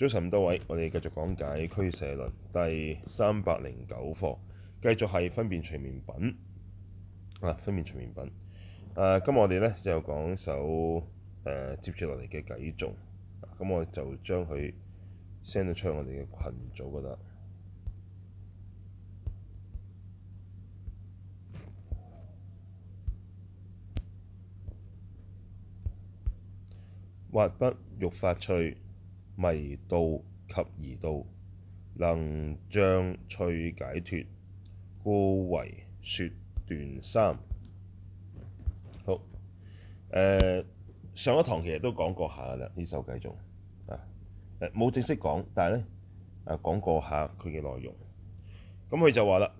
早晨，各位，我哋繼續講解俱舍論第三百零九課，繼續係分別隨眠品啊！分別隨眠品。誒、啊，今日我哋呢就講一首誒、啊、接住落嚟嘅偈頌，咁、啊、我就將佢 send 咗出我哋嘅群組嗰度。或不欲發趣。迷道及疑道，能障趣解脫，故唯說斷三。好，誒、呃、上一堂其實都講過下噶啦，呢首繼續啊冇正式講，但係咧誒講過下佢嘅內容。咁、嗯、佢就話啦，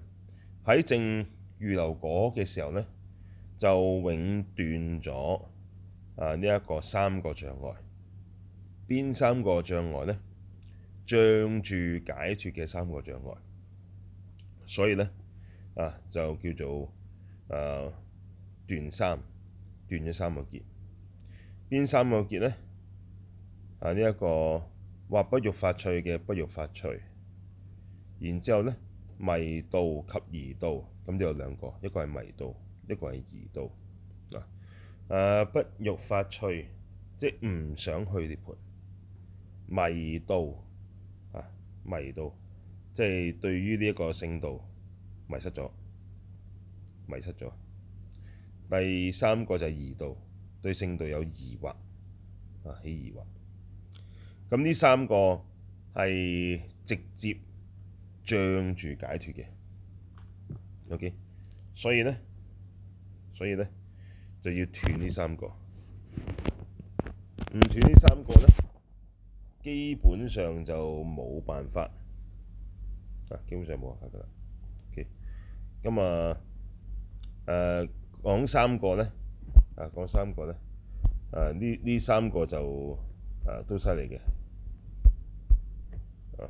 喺正預流果嘅時候咧，就永斷咗啊呢一、這個三個障礙。邊三個障礙呢？障住解脫嘅三個障礙，所以呢，啊，就叫做啊斷三，斷咗三個結。邊三個結呢？啊呢一、這個，話不欲發趣嘅不欲發趣，然之後呢，迷道及疑道，咁就有兩個，一個係迷道，一個係疑道嗱。啊不欲發趣，即唔想去涅槃。迷道啊，迷道，即係對於呢一個聖道迷失咗，迷失咗。第三個就係疑道，對聖道有疑惑啊，起疑惑。咁、啊、呢三個係直接障住解脫嘅，OK 所。所以咧，所以咧，就要斷呢三個。唔斷呢三個咧。基本上就冇辦法啊！基本上冇辦法噶啦。咁啊，誒講三個咧啊，講三個咧啊，呢呢三個就啊都犀利嘅啊。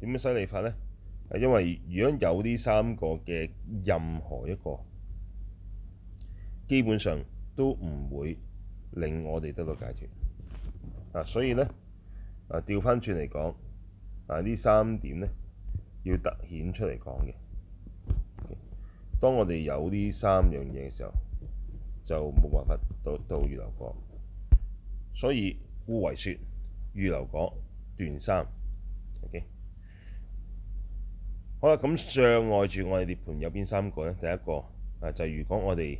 點樣犀利法咧？啊，因為如果有呢三個嘅任何一個，基本上都唔會令我哋得到解脫啊，所以咧。啊！調翻轉嚟講，啊呢三點咧要突顯出嚟講嘅。當我哋有呢三樣嘢嘅時候，就冇辦法到到預流果，所以故唯說預流果斷三。OK，好啦，咁障礙住我哋涅槃有邊三個咧？第一個啊，就係如果我哋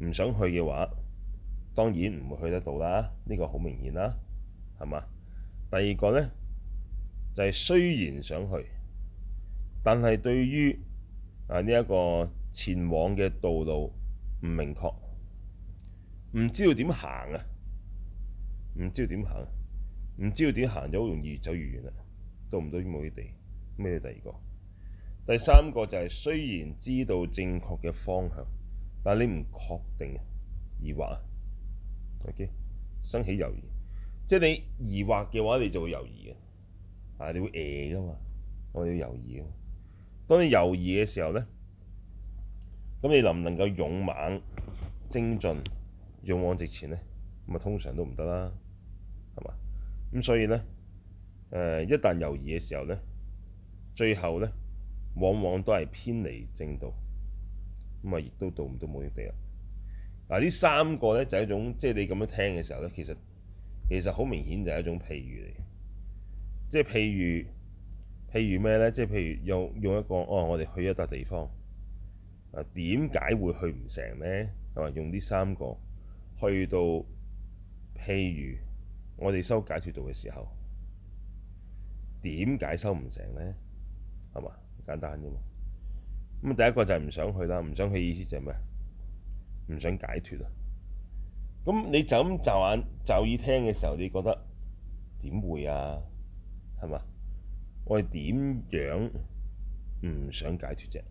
唔想去嘅話，當然唔會去得到啦。呢個好明顯啦，係嘛？第二個呢，就係雖然想去，但係對於啊呢一個前往嘅道路唔明確，唔知道點行啊，唔知道點行，唔知道點行就好容易越走越遠啊，到唔到目的地？咩第二個？第三個就係雖然知道正確嘅方向，但你唔確定，疑惑啊！OK，生起猶豫。即係你疑惑嘅話，你就會猶豫嘅，係、啊、你會嘔嘅嘛，我、啊、要猶豫。當你猶豫嘅時候咧，咁你能唔能夠勇猛精進勇往直前咧？咁啊，通常都唔得啦，係嘛？咁所以咧，誒、呃，一旦猶豫嘅時候咧，最後咧，往往都係偏離正道，咁啊，亦都到唔到目的地啦。嗱，呢三個咧就係、是、一種，即係你咁樣聽嘅時候咧，其實。其實好明顯就係一種譬喻嚟，即係譬喻，譬如咩咧？即係譬如用用一個，哦，我哋去一笪地方，啊，點解會去唔成咧？係嘛？用呢三個去到，譬如我哋收解脫道嘅時候，點解收唔成咧？係嘛？簡單啫嘛。咁第一個就係唔想去啦，唔想去意思就係咩？唔想解脫啊！咁你就咁驟眼就耳聽嘅時候，你覺得點會啊？係嘛？我哋點樣唔想解脫啫？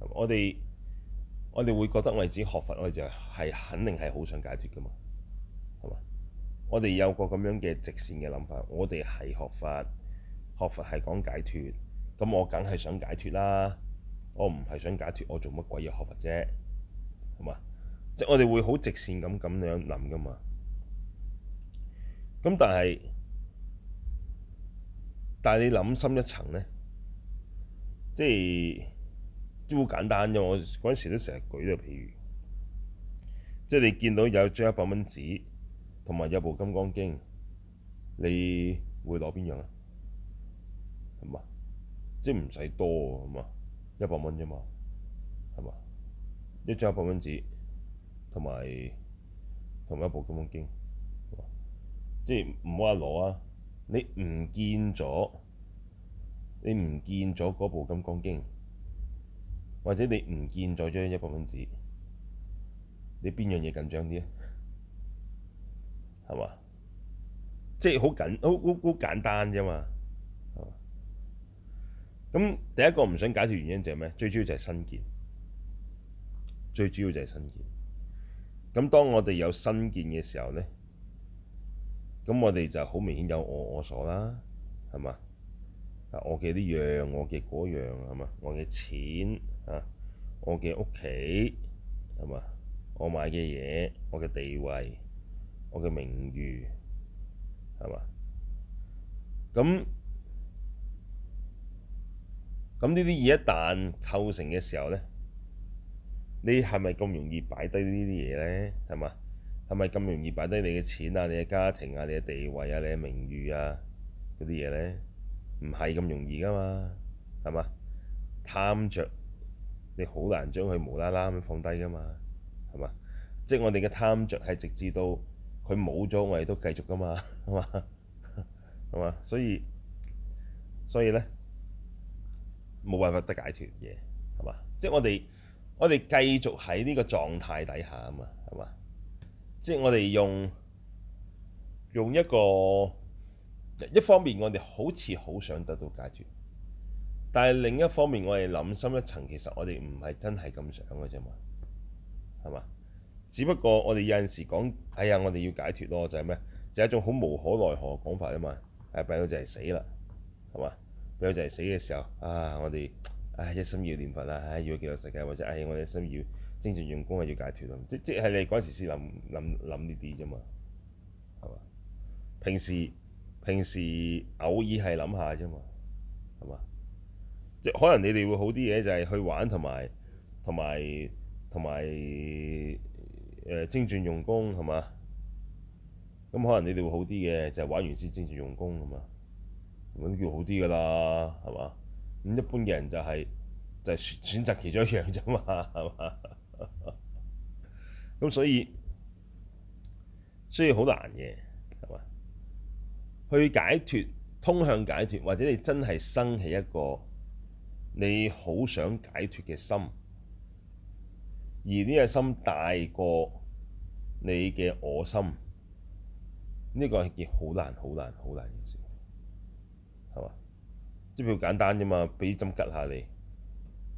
我哋我哋會覺得我哋自己學佛，我哋就係肯定係好想解脫噶嘛？係嘛？我哋有個咁樣嘅直線嘅諗法，我哋係學佛，學佛係講解脫，咁我梗係想解脫啦。我唔係想解脫，我做乜鬼嘢學佛啫？係嘛？即係我哋會好直線咁咁樣諗噶嘛。咁但係，但係你諗深一層呢，即係都好簡單啫。我嗰陣時都成日舉個譬如，即係你見到有張一百蚊紙同埋有部《金剛經》，你會攞邊樣啊？係嘛？即係唔使多啊，咁啊，一百蚊啫嘛，係嘛？一張一百蚊紙。同埋同埋一部《金剛經》，即係唔好話攞啊！你唔見咗，你唔見咗嗰部《金剛經》，或者你唔見咗張一百蚊紙，你邊樣嘢緊張啲啊？係嘛？即係好緊，好好好簡單啫嘛。咁第一個唔想解釋原因就係咩？最主要就係身見，最主要就係身見。咁當我哋有身見嘅時候咧，咁我哋就好明顯有我我所啦，係嘛？啊，我嘅呢樣，我嘅嗰樣係嘛？我嘅錢啊，我嘅屋企係嘛？我買嘅嘢，我嘅地位，我嘅名譽係嘛？咁咁呢啲嘢一旦構成嘅時候咧？你係咪咁容易擺低呢啲嘢咧？係嘛？係咪咁容易擺低你嘅錢啊、你嘅家庭啊、你嘅地位啊、你嘅名譽啊嗰啲嘢咧？唔係咁容易噶嘛，係嘛？貪着，你好難將佢無啦啦咁放低噶嘛，係嘛？即係我哋嘅貪着係直至到佢冇咗，我哋都繼續噶嘛，係嘛？係嘛？所以所以咧，冇辦法得解脫嘢，係嘛？即係我哋。我哋繼續喺呢個狀態底下啊嘛，係嘛？即係我哋用用一個一方面，我哋好似好想得到解脫，但係另一方面，我哋諗深一層，其實我哋唔係真係咁想嘅啫嘛，係嘛？只不過我哋有陣時講，哎呀，我哋要解脫咯，就係咩？就係一種好無可奈何嘅講法啊嘛。誒，病友就係死啦，係嘛？病友就係死嘅時候，啊，我哋～唉，一心要念佛啦，唉，要救世界或者唉，我哋一心要精進用功啊，要解脫啊，即即係你嗰時先諗諗諗呢啲啫嘛，係嘛？平時平時偶爾係諗下啫嘛，係嘛？即可能你哋會好啲嘅就係、是、去玩同埋同埋同埋誒精進用功係嘛？咁、嗯、可能你哋會好啲嘅就係、是、玩完先精進用功咁嘛，咁叫好啲噶啦，係嘛？咁一般嘅人就係就係選選擇其中一樣啫嘛，係嘛？咁 所以所以好難嘅，係嘛？去解脫，通向解脫，或者你真係生起一個你好想解脫嘅心，而呢個心大過你嘅我心，呢個係件好難、好難、好難嘅事，係嘛？即係比較簡單啫嘛，畀針拮下你，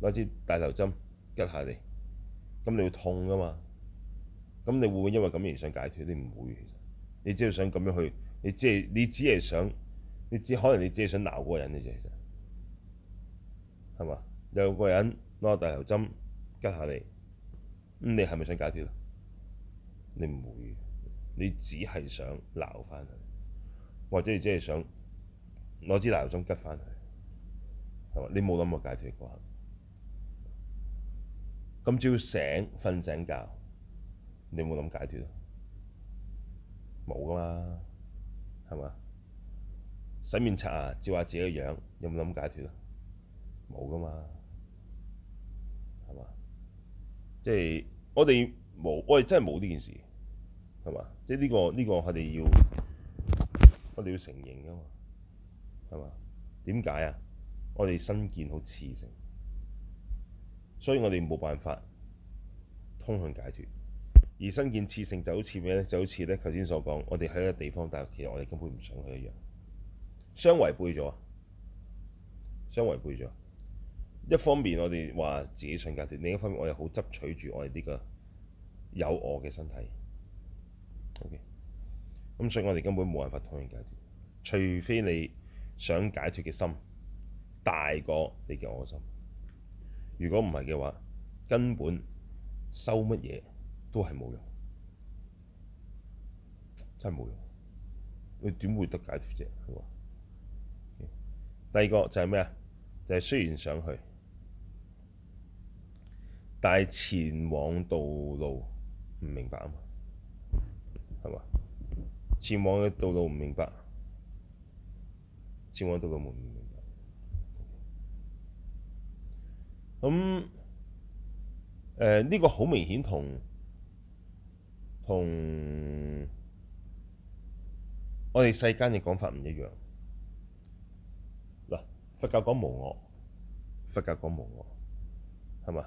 攞支大頭針拮下你，咁你會痛噶嘛，咁你會唔會因為咁而想解脫？你唔會其實，你只要想咁樣去，你只係你只係想，你只可能你只係想鬧嗰個人嘅啫，其實，係嘛？有個人攞個大頭針拮下你，咁你係咪想解脫啊？你唔會，你只係想鬧翻佢，或者你只係想攞支大頭針拮翻佢。你冇諗過解脱過啊？今朝醒，瞓醒覺，你冇諗解脱啊？冇噶嘛，係嘛？洗面刷牙，照下自己嘅樣，有冇諗解脱啊？冇噶嘛，係嘛？即係我哋冇，我哋真係冇呢件事，係嘛？即係呢個呢個，這個、我哋要我哋要承認噶嘛，係嘛？點解啊？我哋身見好熾盛，所以我哋冇辦法通向解脫。而身見熾盛就好似咩咧？就好似咧，頭先所講，我哋喺一個地方，但係其實我哋根本唔想去一樣，相違背咗，相違背咗。一方面我哋話自己想解脫，另一方面我又好執取住我哋呢個有我嘅身體。O.K.，咁所以我哋根本冇辦法通向解脫，除非你想解脫嘅心。大過你嘅我心，如果唔係嘅話，根本收乜嘢都係冇用，真係冇用。你點會得解脫啫？係嘛？Okay. 第二個就係咩啊？就係、是、雖然想去，但係前往道路唔明白啊嘛，係嘛？前往嘅道路唔明白，前往道路唔唔明白。咁誒呢個好明顯同同我哋世間嘅講法唔一樣嗱，佛教講無我，佛教講無我係嘛？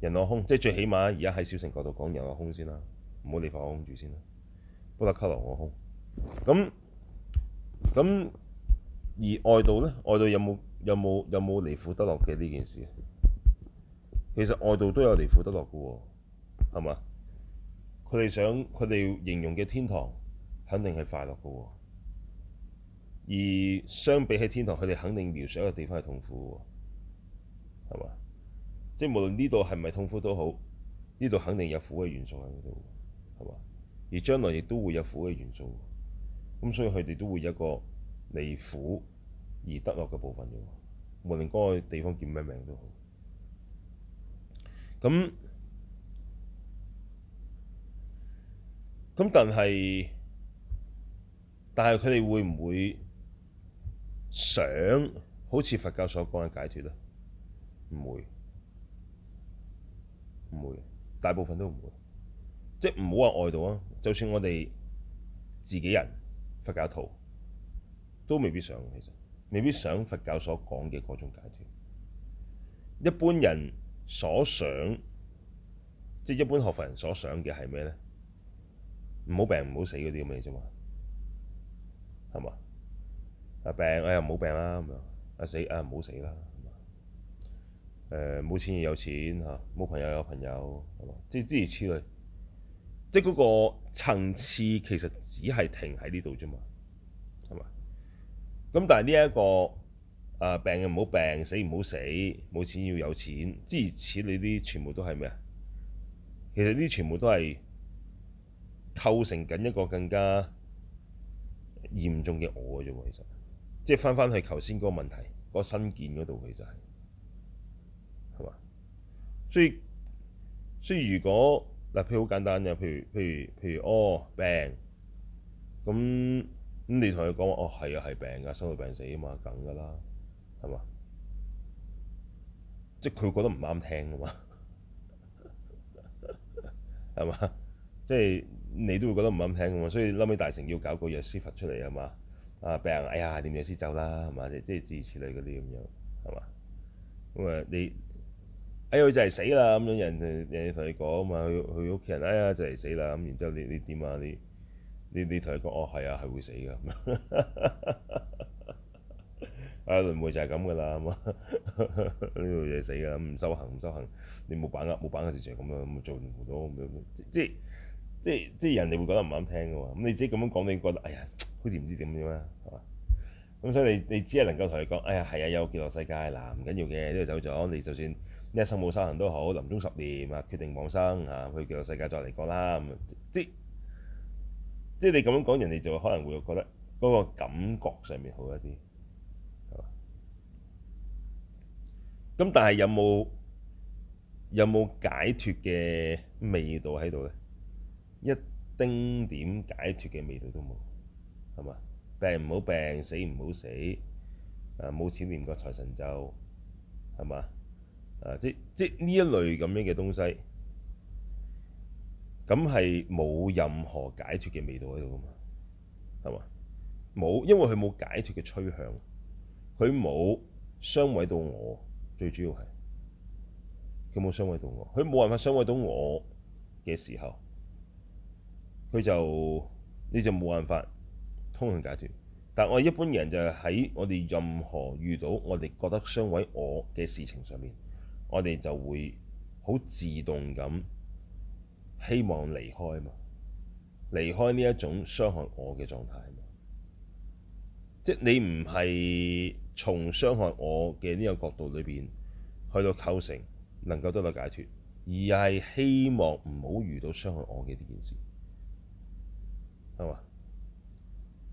人我空，即係最起碼而家喺小城角度講人我空先啦，唔好理法我空住先啦，不得拘留我空，補特伽羅我空。咁咁而外道咧，外道有冇有冇有冇離苦得樂嘅呢件事？其實外道都有離苦得樂嘅喎，係嘛？佢哋想佢哋形容嘅天堂，肯定係快樂嘅喎。而相比起天堂，佢哋肯定描寫一個地方係痛苦嘅喎，係嘛？即係無論呢度係咪痛苦都好，呢度肯定有苦嘅元素喺度，係嘛？而將來亦都會有苦嘅元素，咁所以佢哋都會有一個離苦而得樂嘅部分嘅。無論嗰個地方叫咩名都好。咁，咁但係，但係佢哋會唔會想好似佛教所講嘅解脫呢？唔會，唔會，大部分都唔會。即係唔好話外道啊，就算我哋自己人佛教徒，都未必想，其實未必想佛教所講嘅嗰種解脫。一般人。所想，即係一般學佛人所想嘅係咩咧？唔好病，唔好死嗰啲咁嘅嘢啫嘛，係嘛？阿、啊、病，我又唔好病啦咁樣；阿、啊、死，啊唔好死啦。誒唔冇錢而有錢嚇，冇、啊、朋友有朋友，係嘛？即係諸如此類，即係嗰個層次其實只係停喺呢度啫嘛，係嘛？咁但係呢一個。病又唔好病，死唔好死，冇錢要有錢。諸如此類，你啲全部都係咩啊？其實呢啲全部都係構成緊一個更加嚴重嘅我嘅啫喎。其實即係翻返去頭先嗰個問題，嗰個身見嗰度其實係係嘛？所以所以，如果嗱，譬如好簡單嘅，譬如譬如譬如，哦，病咁咁，你同佢講話，哦，係啊，係病㗎，生老病死啊嘛，梗㗎啦。係嘛？即係佢覺得唔啱聽噶嘛？係嘛？即係你都會覺得唔啱聽噶嘛？所以後尾大乘要搞個藥師佛出嚟係嘛？啊病人哎呀，點樣先走啦係嘛？即係諸如此類嗰啲咁樣係嘛？咁啊、嗯、你哎佢就嚟死啦咁樣，人哋人哋同你講嘛，佢佢屋企人哎呀就嚟死啦咁、哎，然之後你你點、哦、啊你你你同佢講哦係啊，係會死㗎。 啊！輪迴就係咁噶啦，咁啊呢條嘢死噶，唔修行唔修行，你冇把握冇把握，事情，咁樣咁做唔到咁樣，即即即即人哋會覺得唔啱聽噶喎。咁你即咁樣講，你覺得哎呀，好似唔知點點啊，係嘛？咁所以你你只係能夠同佢講，哎呀係啊，有極樂世界嗱，唔緊要嘅，呢度走咗，你就算一生冇修行都好，臨終十念啊，決定往生啊，去極樂世界再嚟講啦。即即，即你咁樣講，人哋就可能會覺得嗰個感覺上面好一啲。咁但係有冇有冇解脱嘅味道喺度咧？一丁點解脱嘅味道都冇，係嘛？病唔好病，死唔好死，啊冇錢念個財神咒，係嘛？啊即即呢一類咁樣嘅東西，咁係冇任何解脱嘅味道喺度噶嘛？係嘛？冇，因為佢冇解脱嘅趨向，佢冇傷害到我。最主要係佢冇傷害到我，佢冇辦法傷害到我嘅時候，佢就你就冇辦法通向解脫。但我一般人就喺我哋任何遇到我哋覺得傷害我嘅事情上面，我哋就會好自動咁希望離開嘛，離開呢一種傷害我嘅狀態嘛。即你唔係。從傷害我嘅呢個角度裏邊去到構成能夠得到解脫，而係希望唔好遇到傷害我嘅呢件事，係嘛？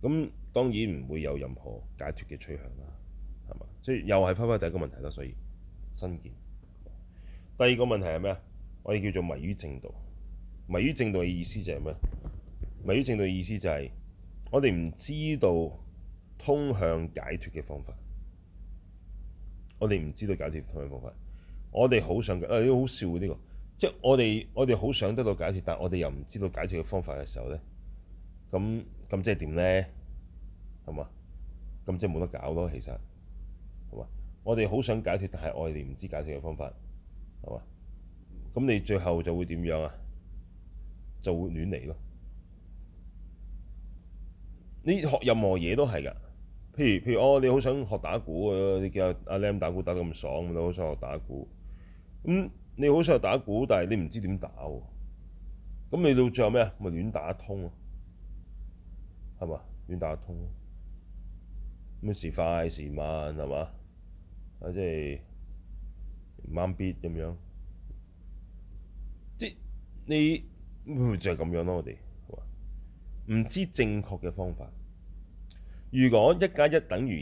咁當然唔會有任何解脫嘅趨向啦，係嘛？即係又係翻返第一個問題啦。所以新建第二個問題係咩啊？我哋叫做迷於正道。迷於正道嘅意思就係咩？迷於正道嘅意思就係、是、我哋唔知道通向解脫嘅方法。我哋唔知道解決方法，我哋好想，誒、哎這個、好笑呢、這個，即係我哋我哋好想得到解決，但係我哋又唔知道解決嘅方法嘅時候咧，咁咁即係點咧？係嘛？咁即係冇得搞咯，其實係嘛？我哋好想解決，但係我哋唔知解決嘅方法，係嘛？咁你最後就會點樣啊？就會亂嚟咯。你學任何嘢都係㗎。譬如譬如哦，你好想學打鼓啊！你見阿阿 Lam 打鼓打得咁爽，你好想學打鼓。咁你好想學打鼓，嗯、打鼓但係你唔知點打喎。咁、嗯、你到最後咩啊？咪亂打通咯，係嘛？亂打通咯。咩、嗯？時快時慢，係嘛？啊即係唔啱 beat 咁樣。即係你就係、是、咁樣咯，我哋係嘛？唔知正確嘅方法。如果一加一等於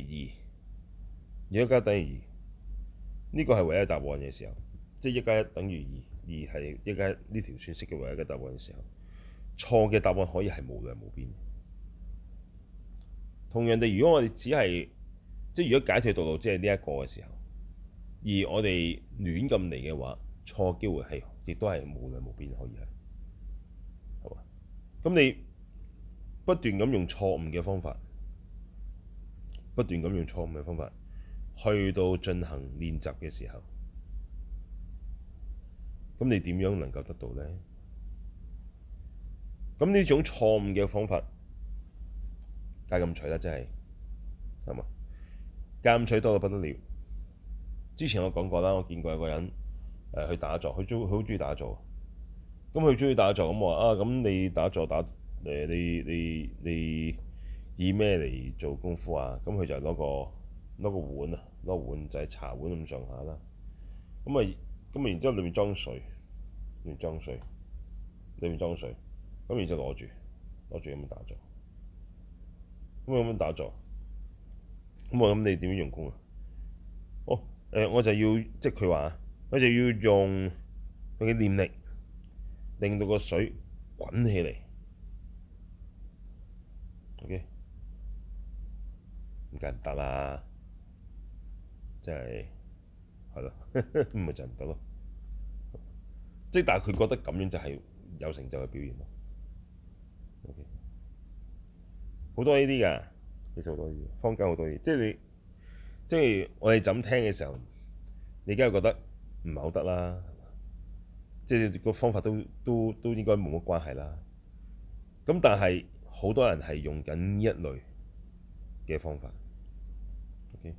二，一加一等於二，呢個係唯一答案嘅時候，即係一加一等於二，二係一加一。呢條算式嘅唯一嘅答案嘅時候，錯嘅答案可以係無量無邊。同樣地，如果我哋只係即係如果解脫道路只係呢一個嘅時候，而我哋亂咁嚟嘅話，錯機會係亦都係無量無邊可以係，係嘛？咁你不斷咁用錯誤嘅方法。不斷咁用錯誤嘅方法，去到進行練習嘅時候，咁你點樣能夠得到咧？咁呢種錯誤嘅方法，戒禁取啦、啊，真、就、係、是，係嘛？戒禁取多到不得了。之前我講過啦，我見過有個人誒去、呃、打坐，佢中好中意打坐。咁佢中意打坐，咁我啊咁你打坐打誒你你你。你你以咩嚟做功夫啊？咁佢就攞個攞個碗啊，攞個碗仔茶碗咁上下啦。咁啊，咁啊，然之後裏面裝水，裏面裝水，裏面裝水。咁然之後攞住攞住咁樣打坐。咁啊，咁樣打坐。咁啊，咁你點樣用功啊？哦，誒、呃，我就要即係佢話，我就要用佢嘅念力令到個水滾起嚟。O.K. 唔得啦，即係係咯，咪就唔得咯。即係、 就是、但係佢覺得咁樣就係有成就嘅表現咯。好、okay，多呢啲噶，你做多嘢，坊間好多嘢，即、就、係、是、你，即係我哋就咁聽嘅時候，你梗係覺得唔係好得啦。即、就、係、是、個方法都都都應該冇乜關係啦。咁但係好多人係用緊呢一類嘅方法。Okay.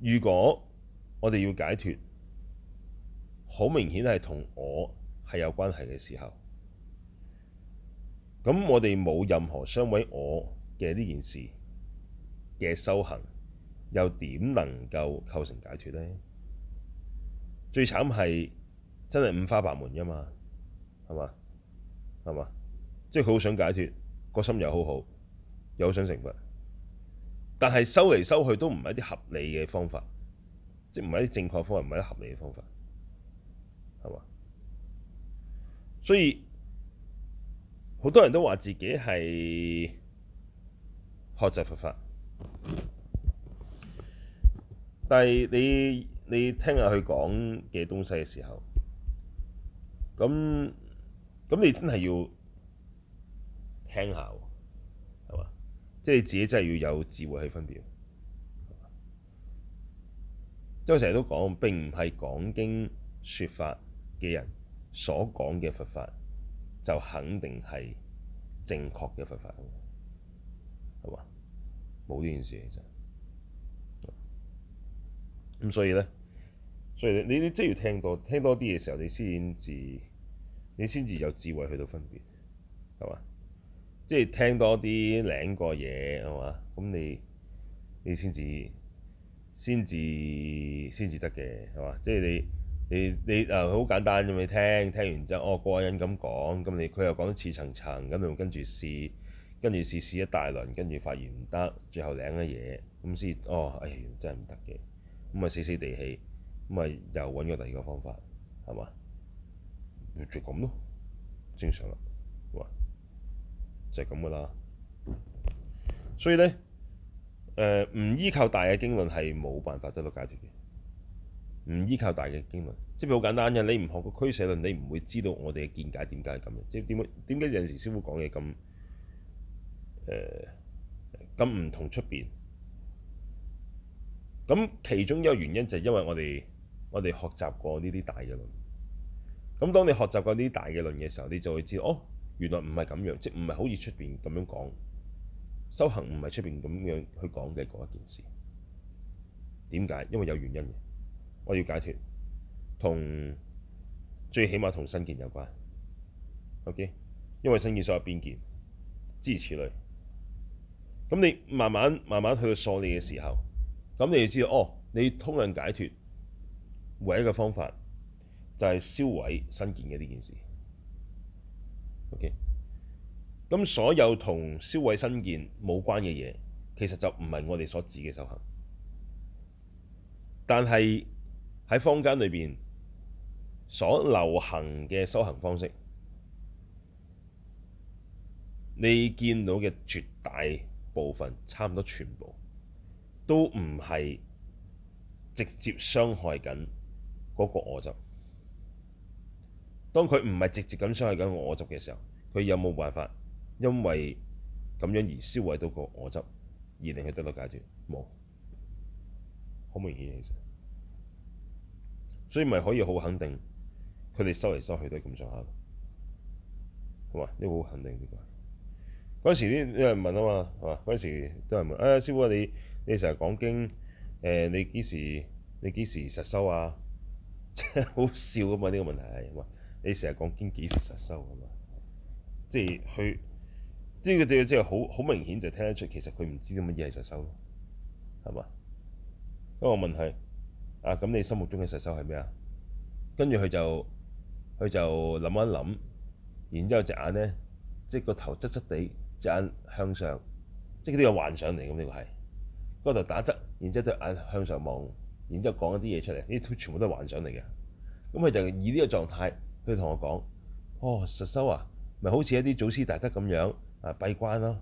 如果我哋要解脱，好明顯係同我係有關係嘅時候，咁我哋冇任何相違我嘅呢件事嘅修行，又點能夠構成解脱呢？最慘係真係五花八門噶嘛，係嘛，係嘛，即係佢好想解脱，個心又好好，又好想成佛。但係收嚟收去都唔係一啲合理嘅方法，即唔係一啲正確方法，唔係一啲合理嘅方法，係嘛？所以好多人都話自己係學習佛法，但係你你聽下佢講嘅東西嘅時候，咁咁你真係要聽下喎。即係你自己真係要有智慧去分別，因為我成日都講，並唔係講經説法嘅人所講嘅佛法就肯定係正確嘅佛法，係嘛？冇呢件事其實。咁所以咧，所以你你即係要聽多聽多啲嘅時候，你先至你先至有智慧去到分別，係嘛？即係聽多啲領過嘢係嘛？咁你你先至先至先至得嘅係嘛？即係你你你啊好、呃、簡單咁，你聽聽完之後，哦，個人咁講，咁你佢又講得似層層，咁你跟住試跟住試跟住試，試一大輪，跟住發現唔得，最後領啲嘢，咁先哦，哎真係唔得嘅，咁啊死死地氣，咁咪又揾咗第二個方法，係嘛？咪就咁咯，正常啦。就咁噶啦，所以咧，誒、呃、唔依靠大嘅經論係冇辦法得到解決嘅。唔依靠大嘅經論，即係好簡單嘅。你唔學過俱舍論，你唔會知道我哋嘅見解點解係咁嘅。即係點會點解有陣時師傅講嘢咁誒咁唔同出邊？咁其中一個原因就係因為我哋我哋學習過呢啲大嘅論。咁當你學習過呢啲大嘅論嘅時候，你就會知哦。原來唔係咁樣，即唔係好似出邊咁樣講，修行唔係出邊咁樣去講嘅嗰一件事。點解？因為有原因嘅。我要解脫，同最起碼同身見有關。OK，因為身見所有邊見，諸如此類。咁你慢慢慢慢去碎你嘅時候，咁你就知道哦，你通向解脫唯一嘅方法就係銷毀身見嘅呢件事。O.K. 咁所有同消毀身見冇關嘅嘢，其實就唔係我哋所指嘅修行。但係喺坊間裏邊所流行嘅修行方式，你見到嘅絕大部分，差唔多全部都唔係直接傷害緊嗰個我執。當佢唔係直接咁傷害緊我執嘅時候，佢有冇辦法因為咁樣而消毀到個我執，而令佢得到解決？冇，好明顯嘅其實，所以咪可以好肯定，佢哋收嚟收去都係咁上下咯，係嘛？呢個好肯定呢個。嗰時啲有人問啊嘛，係嘛？嗰時都係問，誒、啊、師傅你你成日講經，誒、呃、你幾時你幾時實收啊？即係好笑噶嘛呢、呢個問題，係你成日講堅，幾時實修係嘛？即係佢，即係佢哋，即係，好好明顯就聽得出，其實佢唔知啲乜嘢係實修咯，係嘛？咁我問佢：啊，咁你心目中嘅實修係咩啊？跟住佢就佢就諗一諗，然之後隻眼咧，即係個頭側側地，隻眼向上，即係呢個幻想嚟咁，呢個係嗰個頭打側，然之後隻眼向上望，然之後講一啲嘢出嚟，呢啲全部都係幻想嚟嘅。咁佢就以呢個狀態。佢同我講：哦，實修啊，咪好似一啲祖師大德咁樣啊，閉關咯。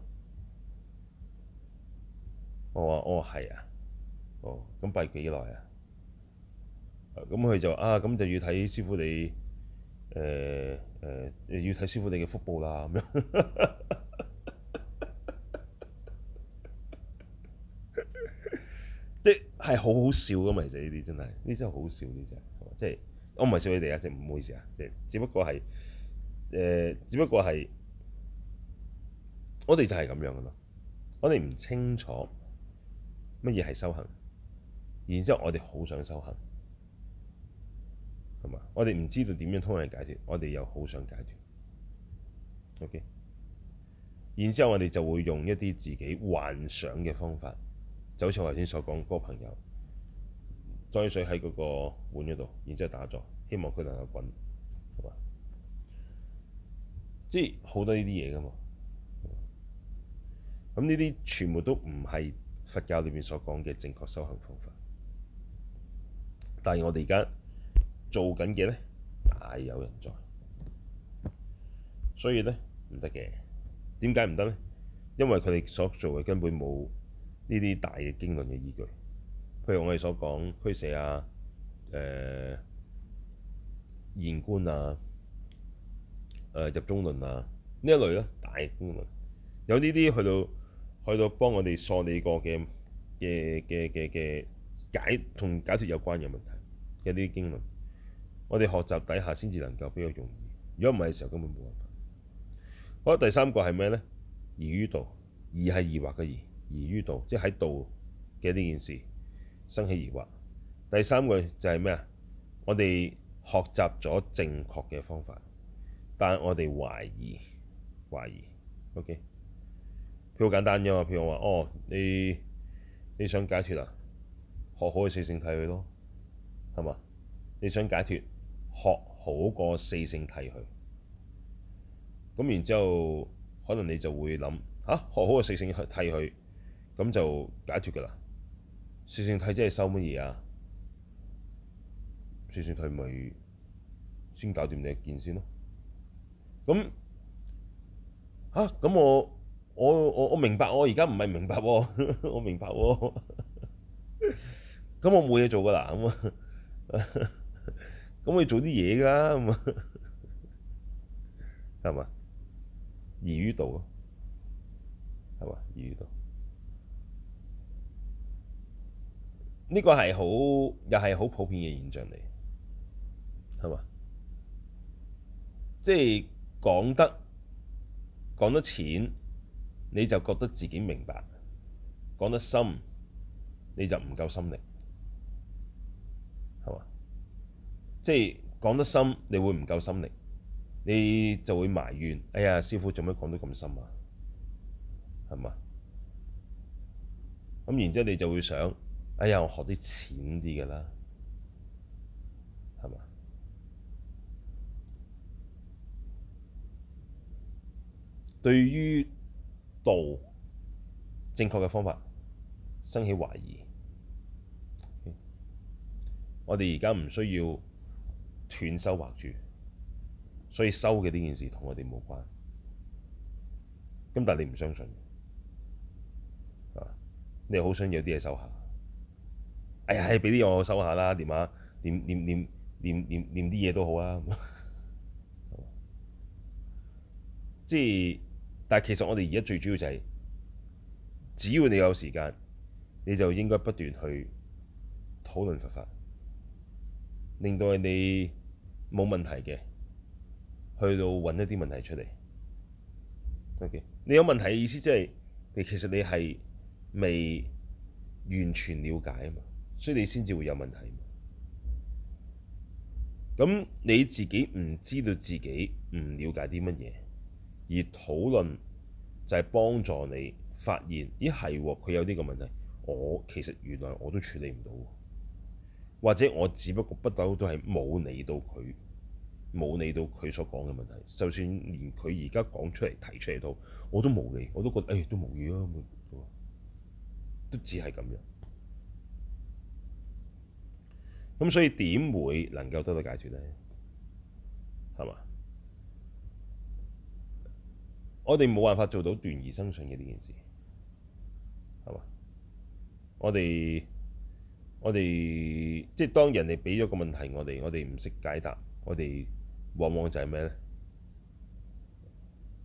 我話：哦，係啊。哦，咁閉幾耐啊？咁佢就啊，咁就、啊、就要睇師傅你誒誒、呃呃，要睇師傅你嘅福報啦。咁樣 即，即係好好笑㗎嘛！其實呢啲真係，呢啲好笑啲真係，即係。我唔係笑你哋啊，即係唔好意思啊，即係只不過係誒，只不過係我哋就係咁樣嘅咯。我哋唔清楚乜嘢係修行，然之後我哋好想修行，係嘛？我哋唔知道點樣通去解脫，我哋又好想解脫。OK，然之後我哋就會用一啲自己幻想嘅方法，就好似我頭先所講嗰個朋友。水喺嗰個碗嗰度，然之後打坐，希望佢能夠滾，係嘛？即係好多呢啲嘢噶嘛。咁呢啲全部都唔係佛教裏面所講嘅正確修行方法。但係我哋而家做緊嘅呢，大有人在。所以呢，唔得嘅，點解唔得呢？因為佢哋所做嘅根本冇呢啲大嘅經論嘅依據。譬如我哋所講，俱舍啊、誒現觀啊、誒、呃、入中論啊，呢一類咯，大經論有呢啲去到去到幫我哋梳理過嘅嘅嘅嘅解同解脫有關嘅問題嘅呢啲經論，我哋學習底下先至能夠比較容易。如果唔係嘅時候，根本冇辦法。好，第三個係咩咧？疑於道，疑係疑惑嘅疑，疑於道，即係喺道嘅呢件事。生起疑惑，第三句就係咩啊？我哋學習咗正確嘅方法，但我哋懷疑懷疑。OK，佢好簡單嘅，譬如我話哦，你你想解脫啊，學好嘅四聖諦佢咯，係嘛？你想解脫，學好過四聖諦佢，咁然之後可能你就會諗嚇、啊、學好嘅四聖諦佢，咁就解脫㗎啦。四聖睇，即係收乜嘢啊？四聖睇咪先搞掂你件先咯。咁嚇，咁我我我我明白，我而家唔係明白喎， 我明白喎。咁 我冇嘢做噶啦，咁啊，咁我要做啲嘢㗎，咁 啊，係咪？疑於道咯，係咪？疑於道。呢個係好，又係好普遍嘅現象嚟，係嘛？即係講得講得淺，你就覺得自己明白；講得深，你就唔夠心力，係嘛？即係講得深，你會唔夠心力，你就會埋怨：「哎呀，師父做咩講得咁深啊？係嘛？咁然之後你就會想。哎呀！我學啲淺啲㗎啦，係嘛？對於道正確嘅方法生起懷疑，okay? 我哋而家唔需要斷收或住，所以收嘅呢件事同我哋冇關。咁但係你唔相信，你又好想要啲嘢收下。哎呀，畀啲我收下啦，念下念念念念念念啲嘢都好啊。即係，但係其實我哋而家最主要就係，只要你有時間，你就應該不斷去討論佛法，令到你冇問題嘅，去到揾一啲問題出嚟。OK，你有問題嘅意思即係，你其實你係未完全了解啊嘛。所以你先至會有問題，咁你自己唔知道自己唔了解啲乜嘢，而討論就係、是、幫助你發現，咦，係喎，佢有呢個問題，我其實原來我都處理唔到，或者我只不過不嬲都係冇理到佢，冇理到佢所講嘅問題，就算連佢而家講出嚟提出嚟都，我都冇理，我都覺得誒都冇嘢咯，都只係咁樣。咁所以點會能夠得到解決呢？係嘛？我哋冇辦法做到斷而生信嘅呢件事，係嘛？我哋我哋即係當人哋畀咗個問題，我哋我哋唔識解答，我哋往往就係咩咧？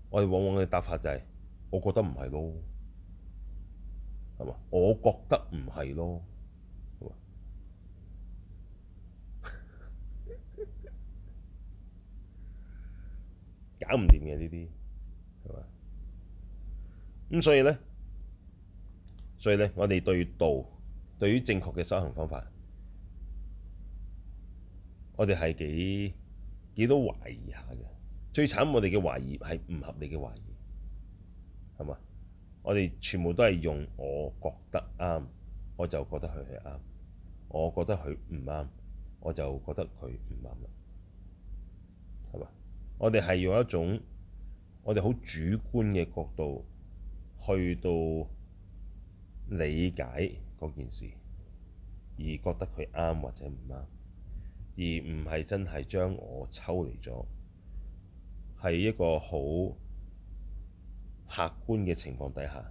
我哋往往嘅答法就係、是：我覺得唔係咯，係嘛？我覺得唔係咯。搞唔掂嘅呢啲，係嘛？咁所以咧，所以咧，我哋對於道，對於正確嘅修行方法，我哋係幾幾多懷疑下嘅。最慘，我哋嘅懷疑係唔合理嘅懷疑，係嘛？我哋全部都係用我覺得啱，我就覺得佢係啱；我覺得佢唔啱，我就覺得佢唔啱。我哋係用一種我哋好主觀嘅角度去到理解嗰件事，而覺得佢啱或者唔啱，而唔係真係將我抽離咗，係一個好客觀嘅情況底下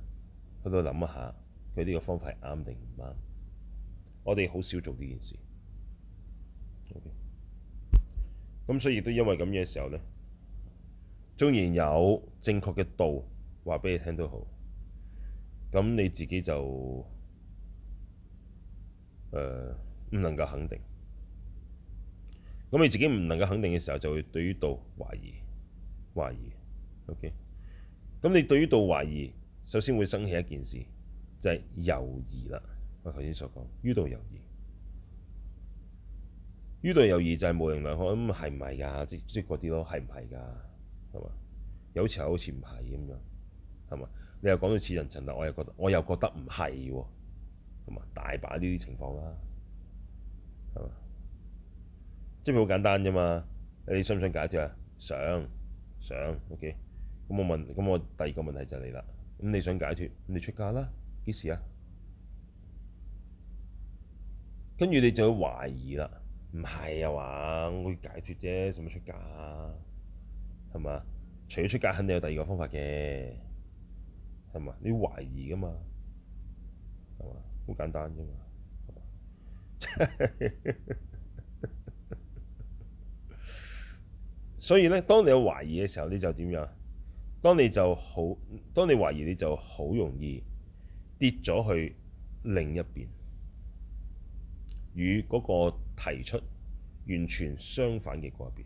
去到諗一下佢呢個方法係啱定唔啱。我哋好少做呢件事。Okay. 咁所以都因為咁嘅時候呢。當然有正確嘅道，話畀你聽都好。咁你自己就誒唔、呃、能夠肯定。咁你自己唔能夠肯定嘅時候，就會對於道懷疑、懷疑。O.K. 咁你對於道懷疑，首先會生起一件事，就係、是、猶疑啦。我頭先所講於道猶豫。於道猶豫就係無形兩可，咁係唔係㗎？即即嗰啲咯，係唔係㗎？係嘛？又好似好似唔係咁樣，係嘛？你又講到似人情，但我又覺得我又覺得唔係喎，係嘛？大把呢啲情況啦，係嘛？即係好簡單啫嘛。你想唔想解脫啊？想，想，OK。咁我問，咁我第二個問題就嚟啦。咁你想解脫，咁你出嫁啦，幾時啊？跟住你就開始懷疑啦，唔係啊嘛？我要解脫啫，使乜出嫁啊？係嘛？除咗出界，肯定有第二個方法嘅，係嘛？你要懷疑噶嘛，係嘛？好簡單啫嘛。 所以咧，當你有懷疑嘅時候，你就點樣？當你就好，當你懷疑，你就好容易跌咗去另一邊，與嗰個提出完全相反嘅嗰一邊，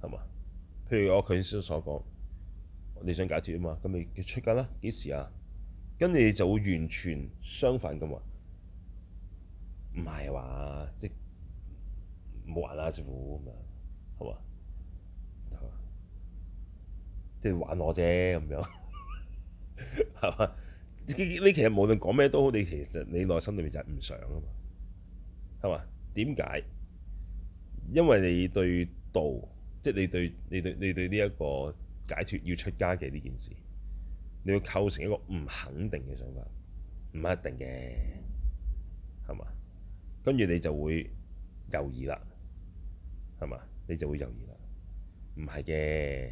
係嘛？譬如我頭先所講，你想解脫啊嘛，咁咪出價啦，幾時啊？跟住你就會完全相反咁話，唔係話即冇玩啦，師傅。咁樣，係嘛？即玩我啫咁樣，係嘛？你其實無論講咩都好，你其實你內心裏面就係唔想啊嘛，係嘛？點解？因為你對道。即係你對你對你對呢一個解脫要出家嘅呢件事，你要構成一個唔肯定嘅想法，唔一定嘅，係嘛？跟住你就會猶豫啦，係嘛？你就會猶豫啦，唔係嘅，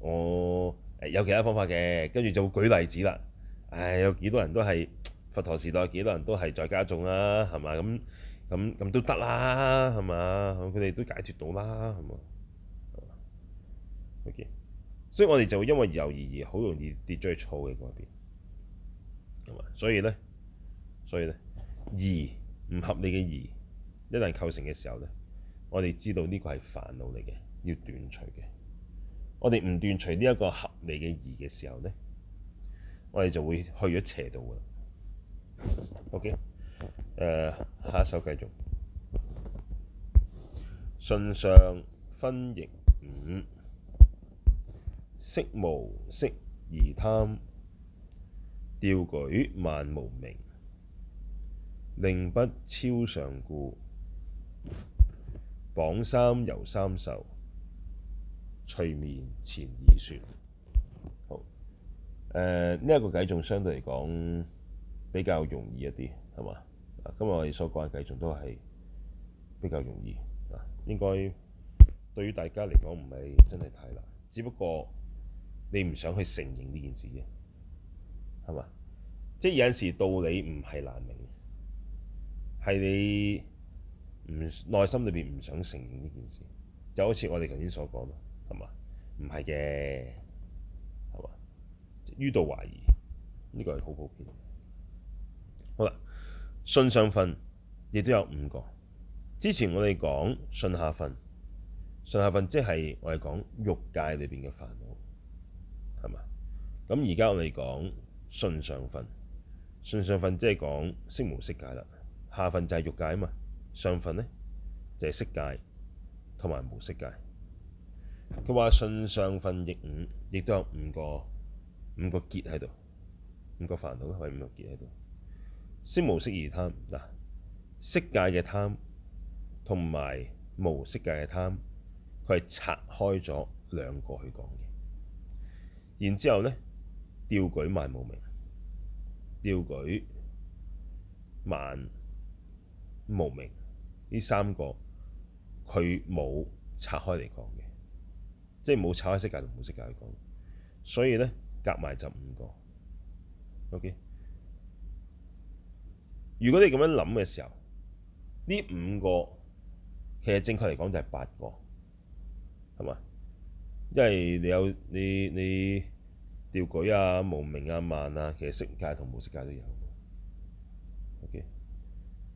我有其他方法嘅，跟住就會舉例子啦。唉，有幾多人都係佛陀時代，幾多人都係在家眾、啊、啦，係嘛？咁咁咁都得啦，係嘛？佢哋都解脫到啦，係嘛？Okay. 所以我哋就會因為疑，而好容易跌咗去錯嘅嗰邊，係嘛？所以咧，所以咧，疑，唔合理嘅疑，一旦構成嘅時候咧，我哋知道呢個係煩惱嚟嘅，要斷除嘅。我哋唔斷除呢一個合理嘅疑嘅時候咧，我哋就會去咗邪道噶啦。O.K.，誒、呃，下一首繼續。順上分亦五。色無色二貪，掉舉慢無明，令不超上故，縛三由三受，隨眠前已說。好，誒，呢一個偈仲相對嚟講比較容易一啲，係嘛？今日我哋所講嘅偈仲都係比較容易啊，應該對於大家嚟講唔係真係太難，只不過，你唔想去承認呢件事嘅，係嘛？即係有陣時道理唔係難明，係你唔內心裏邊唔想承認呢件事，就好似我哋頭先所講咯，係嘛？唔係嘅，係嘛？於道懷疑呢個係好普遍。好啦，順上分亦都有五個。之前我哋講順下分，順下分即係我哋講欲界裏邊嘅煩惱。咁而家我哋講順上分，順上分即係講色無色界啦，下分就係欲界啊嘛，上分呢，就係、是、色界同埋無色界。佢話順上分亦五，亦都有五個五個結喺度，五個煩惱啊，係五個結喺度。色無色二貪嗱、啊，色界嘅貪同埋無色界嘅貪，佢係拆開咗兩個去講嘅，然之後咧。掉舉慢無明，掉舉慢無明，呢三個佢冇拆開嚟講嘅，即係冇拆開色界同冇色界去講，所以呢，夾埋就五個。OK，如果你咁樣諗嘅時候，呢五個其實正確嚟講就係八個，係嘛？因為你有你你。你掉舉啊、無明啊、慢啊，其實色界同無色界都有。O K，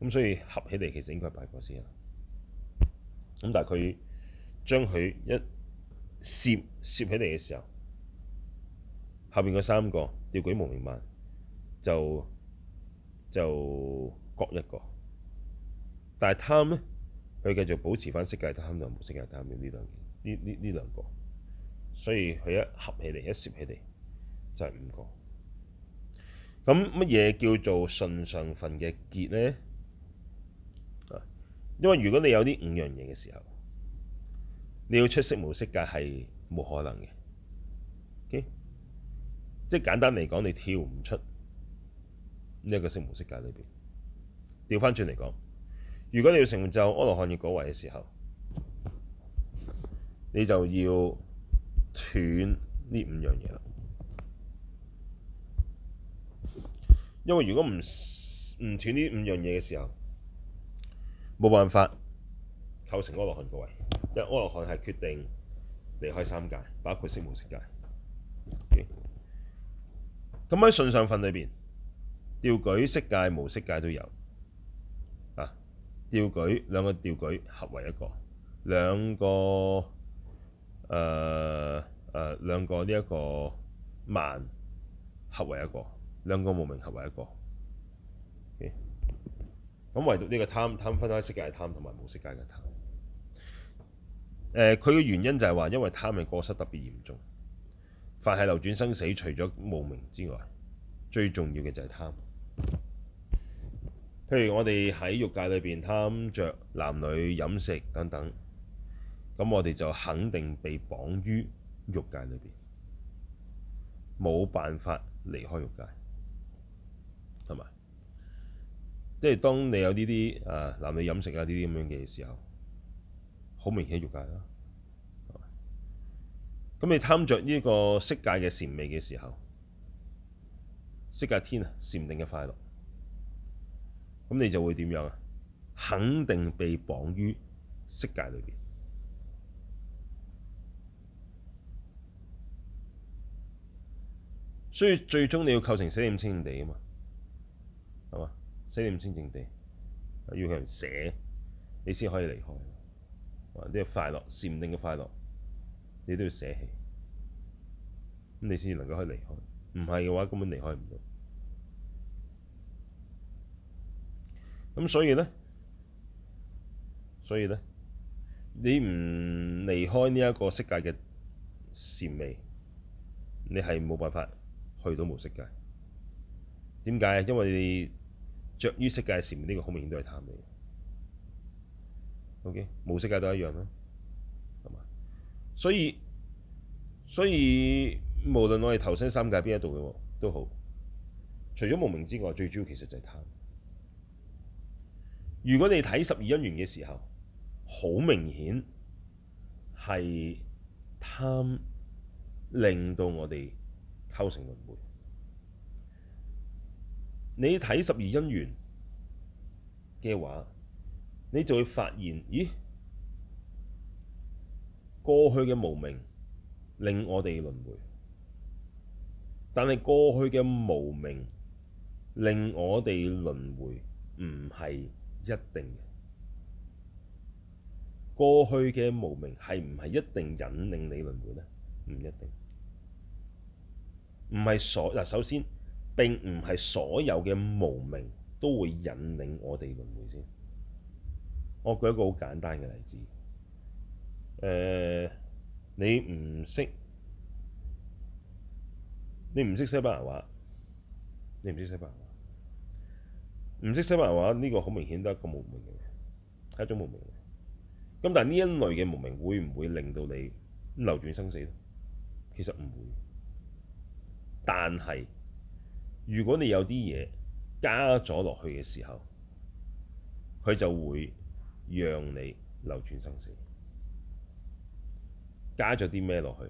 咁所以合起嚟，其實應該係八個先啦。咁但係佢將佢一攝攝起嚟嘅時候，後邊嗰三個掉舉、無明、慢就就各一個，但係貪咧，佢繼續保持翻色界貪同無色界貪嘅呢兩呢呢呢兩個，所以佢一合起嚟，一攝起嚟。就係五個。咁乜嘢叫做順上分嘅結呢？因為如果你有呢五樣嘢嘅時候，你要出色無色界係冇可能嘅。Okay? 即係簡單嚟講，你跳唔出呢一個色無色界裏邊。調翻轉嚟講，如果你要成就阿羅漢嘅果位嘅時候，你就要斷呢五樣嘢啦。因為如果唔唔斷呢五樣嘢嘅時候，冇辦法構成阿羅漢果位。因為阿羅漢係決定離開三界，包括色無色界。咁、okay? 喺順上分裏邊，掉舉色界、無色界都有啊。掉舉兩個掉舉合為一個，兩個誒誒兩個呢一個慢合為一個。兩個無明合為一個，咁、okay? 唯獨呢個貪，貪分開色界貪同埋無色界嘅貪。誒，佢、呃、嘅原因就係話，因為貪嘅過失特別嚴重。凡係流轉生死，除咗無明之外，最重要嘅就係貪。譬如我哋喺欲界裏邊貪着男女飲食等等，咁我哋就肯定被綁於欲界裏邊，冇辦法離開欲界。係咪？即係當你有呢啲啊，男女飲食啊，呢啲咁樣嘅時候，好明顯欲界啦。咁你貪着呢個色界嘅禪味嘅時候，色界天啊，禪定嘅快樂，咁你就會點樣啊？肯定被綁於色界裏邊，所以最終你要構成死念清清地啊嘛。睇唔清正地，要向人捨，你先可以離開。或、啊、者，要快樂，禪定嘅快樂，你都要捨棄，咁你先至能夠可以離開。唔係嘅話，根本離開唔到。咁所以呢，所以呢，你唔離開呢一個色界嘅禪味，你係冇辦法去到無色界。點解？因為你。着於色界禪味，呢、這個好明顯都係貪嚟嘅。OK，無色界都一樣啦，係嘛？所以，所以無論我哋投身三界邊一度嘅都好，除咗無明之外，最主要其實就係貪。如果你睇十二因緣嘅時候，好明顯係貪令到我哋構成輪迴。你睇十二因緣嘅話，你就會發現，咦？過去嘅無明令我哋輪迴，但係過去嘅無明令我哋輪迴唔係一定嘅。過去嘅無明係唔係一定引領你輪迴呢？唔一定，唔係所有。首先，並唔係所有嘅無明都會引領我哋輪迴先。我舉一個好簡單嘅例子，誒，你唔識你唔識西班牙話，你唔識西班牙話，唔識西班牙話呢個好明顯都係一個無明嘅，係一種無明嘅。咁但係呢一類嘅無明會唔會令到你流轉生死？其實唔會，但係。如果你有啲嘢加咗落去嘅時候，佢就會讓你流轉生死。加咗啲咩落去？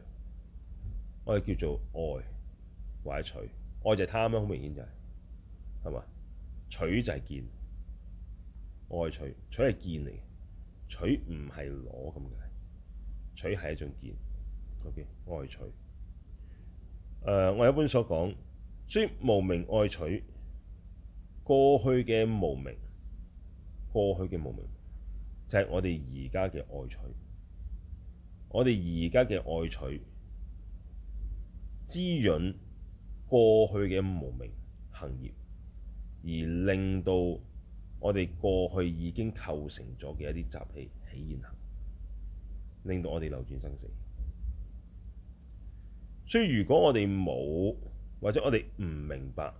我哋叫做愛或者取。愛就係貪啦，好明顯就係、是，係嘛？取就係見。愛取，取係見嚟嘅。取唔係攞咁嘅，取係一種見。O.K. 愛取。誒、呃，我一般所講。所以無明愛取，過去嘅無明，過去嘅無明就係我哋而家嘅愛取。我哋而家嘅愛取滋潤過去嘅無明行業，而令到我哋過去已經構成咗嘅一啲習氣起現行，令到我哋流轉生死。所以如果我哋冇或者我哋唔明白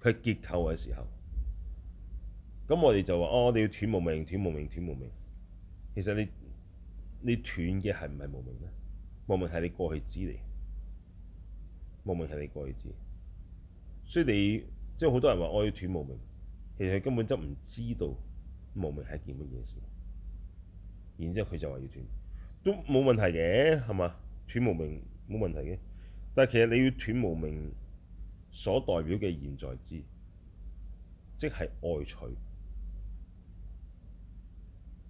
佢結構嘅時候，咁我哋就話：哦，我哋要斷無明，斷無明，斷無明。其實你你斷嘅係唔係無明呢？無明係你過去知嚟，無明係你過去知，所以你即係好多人話：我要斷無明，其實佢根本就唔知道無明係一件乜嘢事。然之後佢就話要斷，都冇問題嘅，係嘛？斷無明，冇問題嘅。但係其實你要斷無明所代表嘅現在之，即係愛取。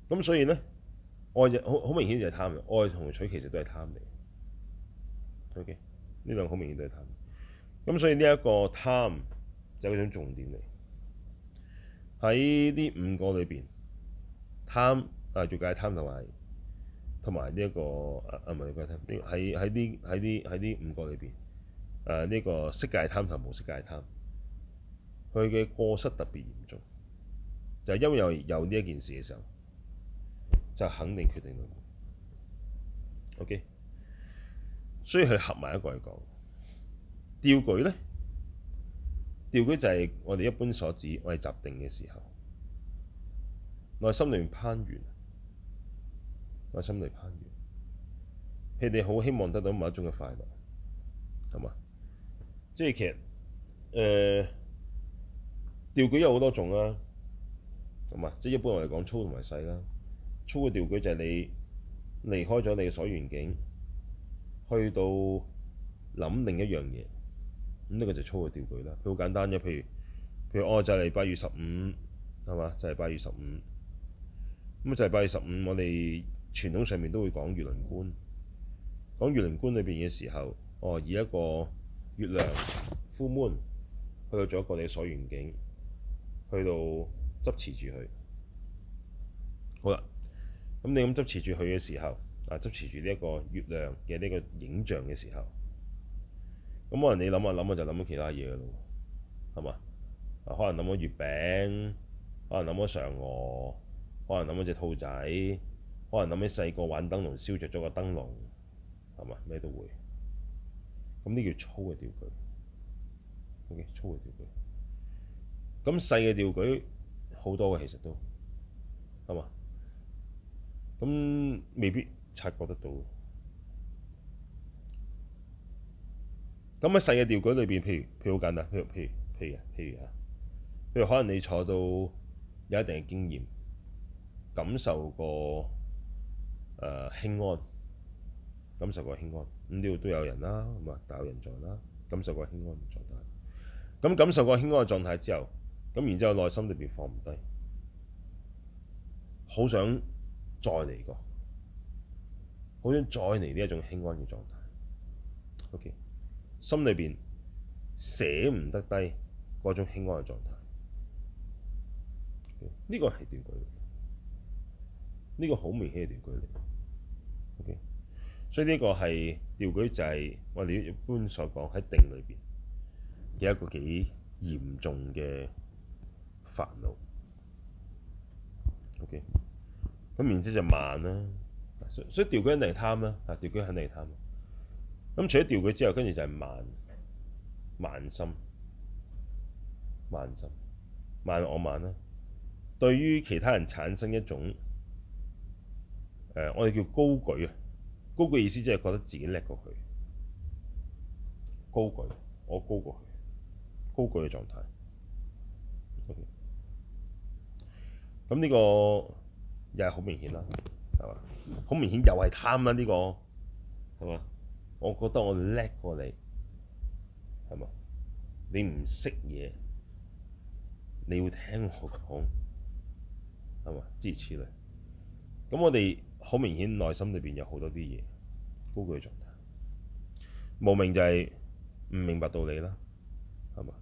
咁所以呢，愛就好好明顯就係貪嘅，愛同取其實都係貪嚟。OK，呢兩個好明顯都係貪。咁所以呢一個貪就係一種重點嚟。喺呢五個裏邊，貪啊，最緊係貪同埋同埋呢一個啊，唔係、這個，我睇喺喺啲喺啲喺啲五個裏邊，誒、呃、呢、這個色界貪同無色界貪，佢嘅過失特別嚴重，就係、是、因為有呢一件事嘅時候，就肯定決定到。OK，所以佢合埋一個嚟講，掉舉咧，掉舉就係我哋一般所指我哋集定嘅時候，內心裏面攀緣。心裡攀緣，佢哋好希望得到某一種嘅快樂，係嘛？即係其實誒，掉、呃、舉有好多種啊，係嘛？即係一般嚟講，粗同埋細啦。粗嘅掉舉就係你離開咗你嘅所緣境，去到諗另一樣嘢，咁、那、呢個就粗嘅掉舉啦。佢好簡單啫。譬如譬如，我就係八月十五，係、哦、嘛？就係八月十五，咁就係八月十五，我哋。傳統上面都會講月輪觀，講月輪觀裏邊嘅時候，哦以一個月亮 Full Moon 去到咗一個你所緣境，去到執持住佢好啦。咁你咁執持住佢嘅時候，啊執持住呢一個月亮嘅呢個影像嘅時候，咁可能你諗下諗下就諗到其他嘢咯，係嘛？啊，可能諗到月餅，可能諗到嫦娥，可能諗到隻兔仔。可能諗起細個玩燈籠，燒着咗個燈籠，係嘛？咩都會，咁呢叫粗嘅掉舉，OK，粗嘅掉舉。咁細嘅掉舉好多嘅，其實都，係嘛？咁未必察覺得到。咁喺細嘅掉舉裏邊，譬如好簡單啊，譬如譬如譬如譬如啊，譬如可能你坐到有一定嘅經驗，感受過。誒輕安，感受過輕安，咁呢度都有人啦，咁啊大有人在啦，感受過輕安嘅狀態。咁感受過輕安嘅狀態之後，咁然之後內心裏邊放唔低，好想再嚟過，好想再嚟呢一種輕安嘅狀態。OK，心裏邊捨唔得低嗰種輕安嘅狀態。呢個係點解？呢個好明顯嘅掉舉嚟，OK，所以呢個係掉舉就係我哋一般所講喺定裏邊嘅一個幾嚴重嘅煩惱，OK，咁然後就慢啦，所所以掉舉肯定貪啦，啊掉舉肯定貪，咁除咗掉舉之後，跟住就係慢，慢心，慢心，慢我慢啦，對於其他人產生一種。誒，我哋叫高舉啊！高舉嘅意思即係覺得自己叻過佢，高舉，我高過佢，高舉嘅狀態。咁、okay. 呢個又係好明顯啦，係嘛？好明顯又係貪啦，呢個係嘛？我覺得我叻過你，係嘛？你唔識嘢，你要聽我講，係嘛？支持你。咁我哋。好明顯，內心裏邊有好多啲嘢高舉狀態，無明就係唔明白道理啦，係嘛？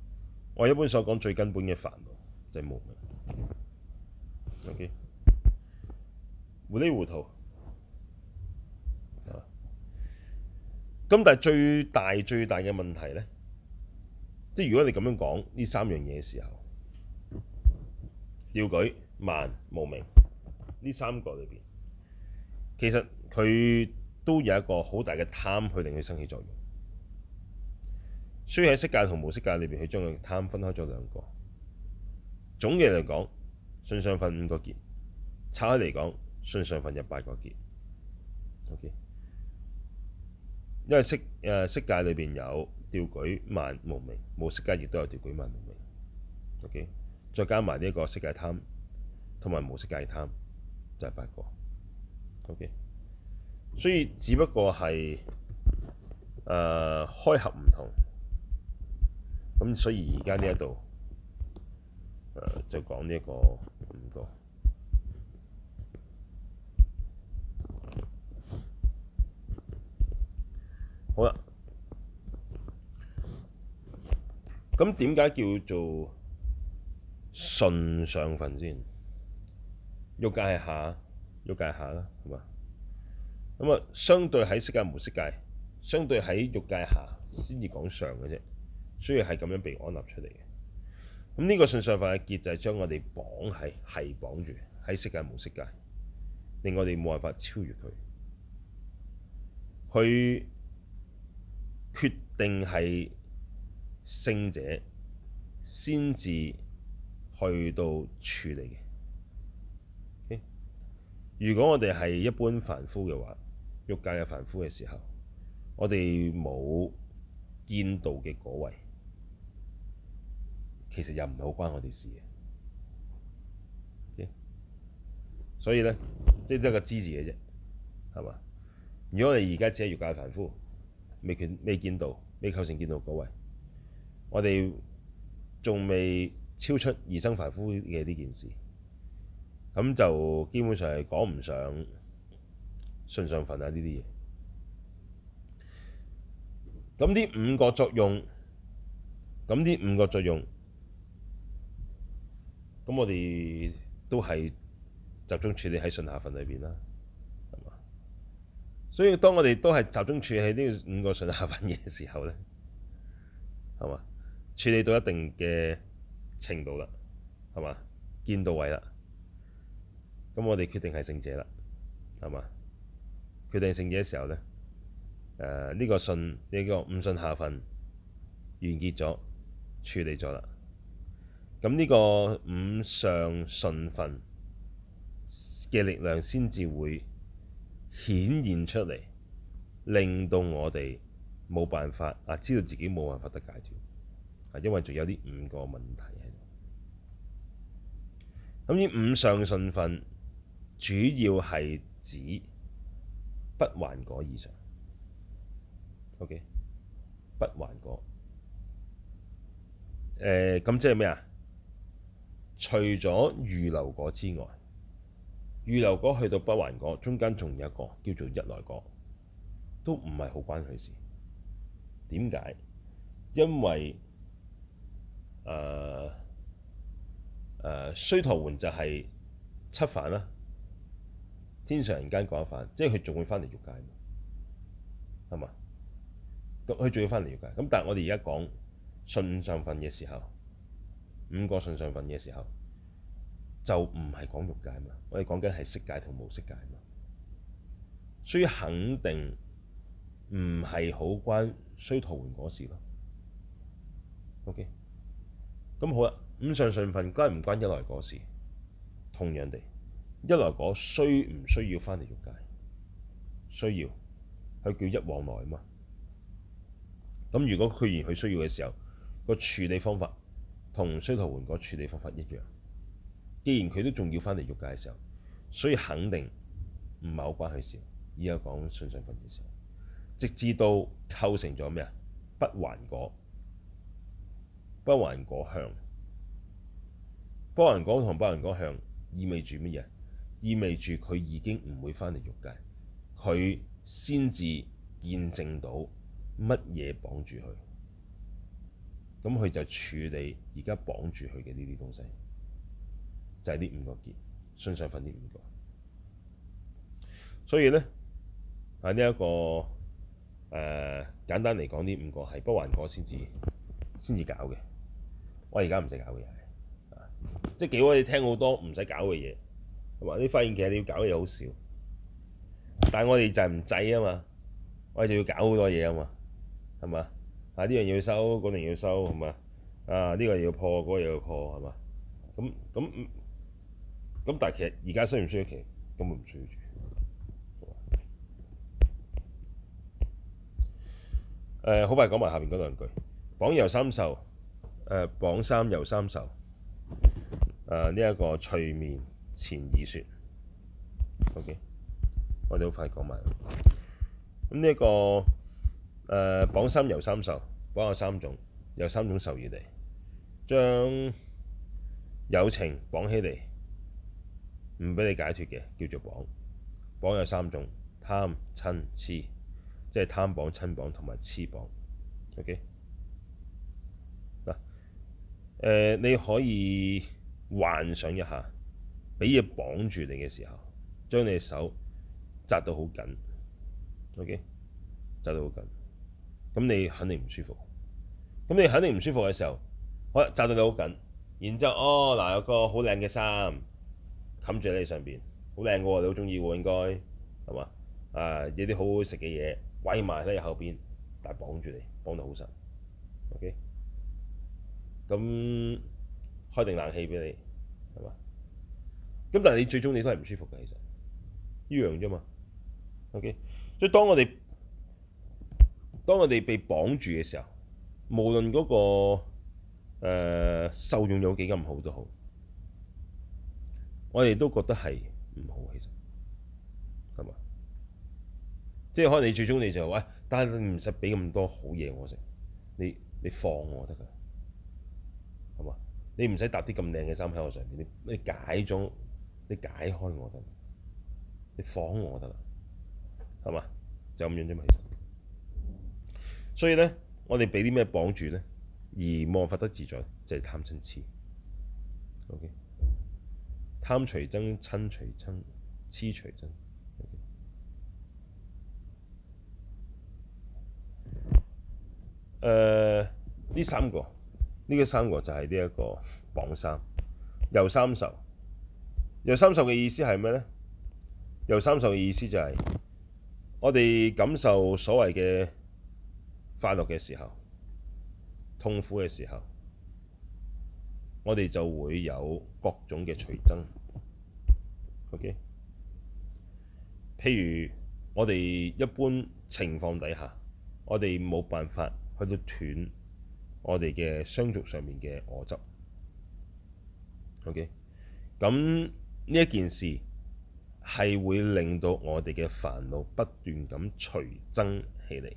我一般所講最根本嘅煩惱就係、是、無明。O、okay? K，糊裏糊塗，咁但係最大最大嘅問題咧，即係如果你咁樣講呢三樣嘢嘅時候，掉舉慢無明，呢三個裏邊。其實佢都有一個好大嘅貪去令佢生起作用，所以喺色界同無色界裏邊，佢將個貪分開咗兩個。總嘅嚟講，順上分五個結；拆開嚟講，順上分就八個結。OK，因為色誒、呃、色界裏邊有掉舉慢無明，無色界亦都有掉舉慢無明。OK，再加埋呢一個色界貪同埋無色界貪，就係八個。O.K.，所以只不過係誒、呃、開合唔同，咁所以而家呢一度誒就講呢個五個。好啦，咁點解叫做順上分先？欲界係下。欲界下啦，係嘛？咁、嗯、啊，相對喺色界無色界，相對喺欲界下先至講上嘅啫，所以係咁樣被安立出嚟嘅。咁、嗯、呢、這個順上分嘅結就係將我哋綁喺係綁住喺色界無色界，令我哋冇辦法超越佢。佢決定係聖者先至去到處理嘅。如果我哋係一般凡夫嘅話，欲界嘅凡夫嘅時候，我哋冇見道嘅嗰位，其實又唔係好關我哋事嘅。Okay? 所以咧，即係得個知字嘅啫，係嘛？如果我哋而家只係欲界凡夫，未見未見道，未構成見道嗰位，我哋仲未超出異生凡夫嘅呢件事。咁就基本上係講唔上順上分啊，呢啲嘢。咁呢五個作用，咁呢五個作用，咁我哋都係集中處理喺順下分裏邊啦。係嘛？所以當我哋都係集中處理喺呢五個順下分嘅時候咧，係嘛？處理到一定嘅程度啦，係嘛？見到位啦。咁我哋決定係聖者啦，係嘛？決定聖者嘅時候咧，誒、呃、呢、呢個信呢、呢個五順下分完結咗，處理咗啦。咁呢個五順上分嘅力量先至會顯現出嚟，令到我哋冇辦法啊知道自己冇辦法得解脫，係因為仲有啲五個問題喺度。咁呢五順上分。主要係指不還果以上，OK？不還果，誒，咁即係咩啊？除咗預流果之外，預流果去到不還果，中間仲有一個叫做一來果，都唔係好關佢事。點解？因為誒、誒，須陀洹就係七返啦。天上人間講一番，即係佢仲會返嚟欲界嘛，係嘛？咁佢仲要返嚟欲界。咁但係我哋而家講順上分嘅時候，五個順上分嘅時候，就唔係講欲界嘛。我哋講緊係色界同無色界嘛。所以肯定唔係好關須陀洹嗰事咯。OK，咁好啦、啊。五上順分關唔關一來嗰事？同樣地。一來果，需唔需要返嚟欲界？需要，佢叫一往來嘛。咁如果佢而佢需要嘅時候，個處理方法同須陀洹果處理方法一樣。既然佢都仲要返嚟欲界嘅時候，所以肯定唔係好關佢事。依家講信信佛嘅時候，直至到構成咗咩啊？不還果，不還果向，不還果同不還果向，意味住乜嘢？意味住佢已經唔會返嚟欲界，佢先至見證到乜嘢綁住佢，咁佢就處理而家綁住佢嘅呢啲東西，就係、是、呢五個結，順上分呢五個，所以呢，喺呢一個誒、呃、簡單嚟講，呢五個係不還果先至先至搞嘅，我而家唔使搞嘅嘢即係幾可以聽好多唔使搞嘅嘢。同埋你發現，其實你要搞嘅嘢好少，但係我哋就係唔制啊嘛，我哋就要搞好多嘢啊嘛，係嘛？啊呢樣要收，嗰樣要收，係嘛？啊呢個要破，嗰個要破，係嘛？咁咁咁，但係其實而家需唔需要住？根本唔需要住。誒、呃，好快講埋下邊嗰兩句，縛由三受，誒、呃、縛三由三受，誒呢一個隨眠。前已說，OK，我哋好快講埋。咁呢一個呃，縛三由三受，綁有三種，有三種受業嚟，將有情綁起嚟，唔俾你解脫嘅，叫做綁。綁有三種，貪、瞋、痴，即係貪綁、瞋綁同埋痴綁 OK，嗱、呃，你可以幻想一下。俾嘢綁住你嘅時候，將你嘅手紮到好緊，OK，紮到好緊，咁你肯定唔舒服。咁你肯定唔舒服嘅時候，好啦紮到你好緊，然之後哦嗱有個好靚嘅衫冚住你上邊，好靚嘅喎，你好中意喎，應該係嘛？啊，有啲好好食嘅嘢，餵埋喺你後邊，但係綁住你，綁到好實，OK，咁開定冷氣俾你，係嘛？咁但係你最終你都係唔舒服嘅，其實一樣啫嘛。O K，所以當我哋當我哋被綁住嘅時候，無論嗰個誒受用有幾咁好都好，我哋都覺得係唔好，其實係嘛？即係可能你最終你就話，哎，但係你唔使畀咁多好嘢我食，你你放我得噶，係嘛？你唔使搭啲咁靚嘅衫喺我上邊，你你解咗。你解開我得，你晃我得啦，係嘛？就咁樣啫嘛，其實。所以呢，我哋畀啲咩綁住呢？而無法得自在，就係貪嗔痴。O.K. 貪隨增，嗔隨增，痴隨增。誒、okay? 呃，呢三個，呢個三個就係呢一個綁三，由三受。由三受嘅意思係咩咧？由三受嘅意思就係、是、我哋感受所謂嘅快樂嘅時候、痛苦嘅時候，我哋就會有各種嘅隨增。OK，譬如我哋一般情況底下，我哋冇辦法去到斷我哋嘅雙足上面嘅我執。OK，咁。呢一件事係會令到我哋嘅煩惱不斷咁隨增起嚟。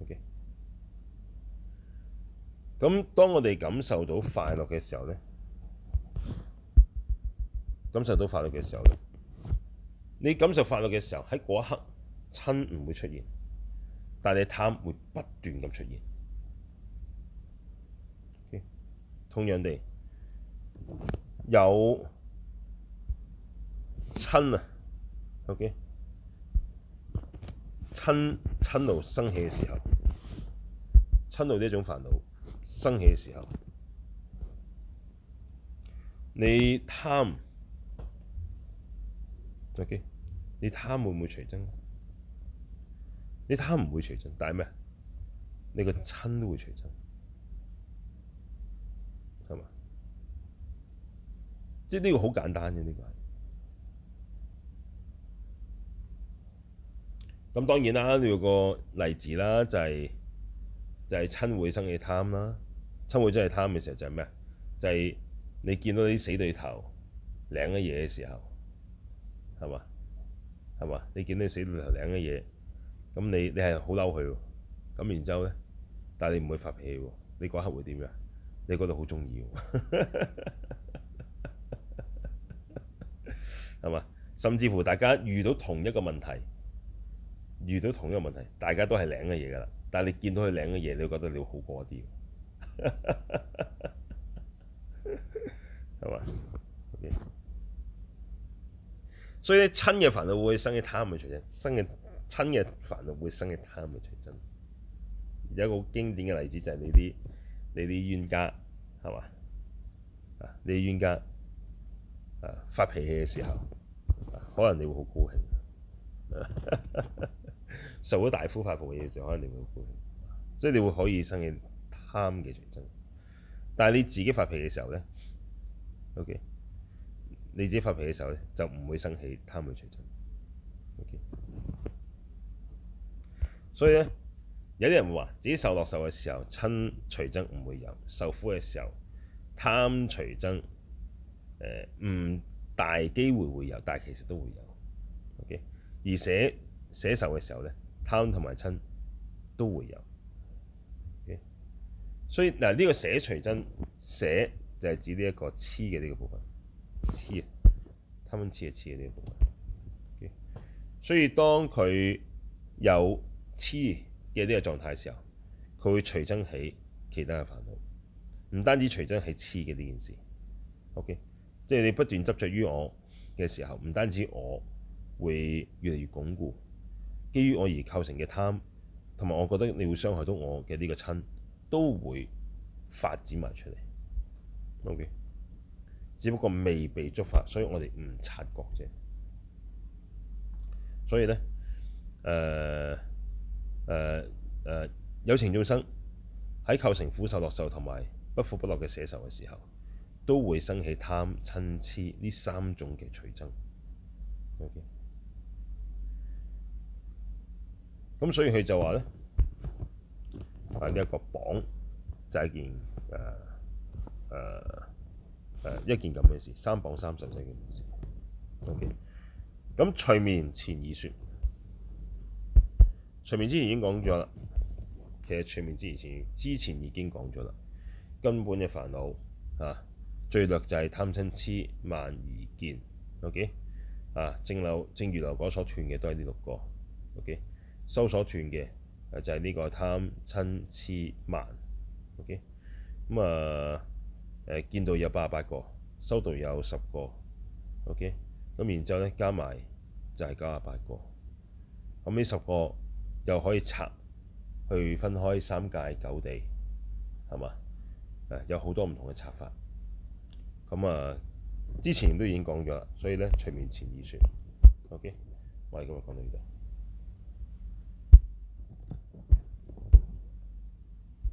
OK，咁當我哋感受到快樂嘅時候呢，感受到快樂嘅時候呢，你感受快樂嘅時候喺嗰一刻，瞋唔會出現，但你貪會不斷咁出現。Okay? 同樣地。有瞋啊，OK，瞋，瞋怒生起嘅時候，瞋怒呢一種煩惱生起嘅時候，你貪，OK，你貪會唔會隨增？你貪唔會隨增，但係咩？你個瞋都會隨增。即係呢個好簡單嘅呢個，咁當然啦，你有個例子啦，就係、是、就係、是、親會生嘅貪啦，親會真係貪嘅時候就係咩？就係、是、你見到啲死對頭領嘅嘢嘅時候，係嘛？係嘛？你見啲死對頭領嘅嘢，咁你你係好嬲佢喎，咁然之後咧，但係你唔會發脾氣喎，你嗰刻會點樣？你覺得好鍾意喎。 係嘛？甚至乎大家遇到同一個問題，遇到同一個問題，大家都係領嘅嘢㗎啦。但係你見到佢領嘅嘢，你會覺得你好過啲，係 嘛？Okay. 所以瞋嘅煩惱會生嘅貪嘅隨增，生嘅瞋嘅煩惱會生嘅貪嘅隨增。有一個好經典嘅例子就係你啲你啲冤家，係嘛？啊，你冤家。誒、啊、發脾氣嘅時候，可能你會好高興；啊、受咗大苦、發脾氣嘅時候，可能你會好高興。所以你會可以生起貪嘅隨增。但係你自己發脾氣嘅時候咧，OK，你自己發脾氣嘅時候咧，就唔會生起貪嘅隨增。OK，所以咧，有啲人會話，自己受樂受嘅時候，瞋隨增唔會有；受苦嘅時候，貪隨增。誒唔、呃、大機會會有，但係其實都會有。O.K. 而捨捨受嘅時候咧，貪同埋瞋都會有。Okay? 所以嗱呢、呃這個捨隨增，捨就係指呢一個痴嘅呢個部分。痴，貪痴嘅痴嘅呢個部分。Okay? 所以當佢有痴嘅呢個狀態嘅時候，佢會隨增起其他嘅煩惱，唔單止隨增係痴嘅呢件事。O.K. 即係你不斷執着於我嘅時候，唔單止我會越嚟越鞏固，基於我而構成嘅貪，同埋我覺得你會傷害到我嘅呢個瞋，都會發展埋出嚟。O.K. 只不過未被觸發，所以我哋唔察覺啫。所以咧，誒誒誒，有情眾生喺構成苦受、樂受同埋不苦不樂嘅捨受嘅時候，都會生起貪、瞋、痴呢三種嘅隨增。OK，咁所以佢就話咧，啊呢一個綁就係件誒誒誒一件咁嘅、呃呃、事，三綁三受，就係一件咁嘅事。OK，咁隨眠前已說，隨眠之前已經講咗啦。其實隨眠之前之前已經講咗啦，根本嘅煩惱啊。最略就係貪瞋痴慢疑見。OK 啊，證預流、證預流果所斷嘅都係呢六個。OK 修所斷嘅就係呢、這個貪瞋痴慢。OK 咁啊，誒見道有八十八個，修道有十個。OK 咁然之後咧加埋就係九十八個。咁呢十個又可以拆去分開三界九地，係嘛，有好多唔同嘅拆法。咁啊，之前都已經講咗啦，所以咧，隨眠前已說，OK，我哋今日講到呢度。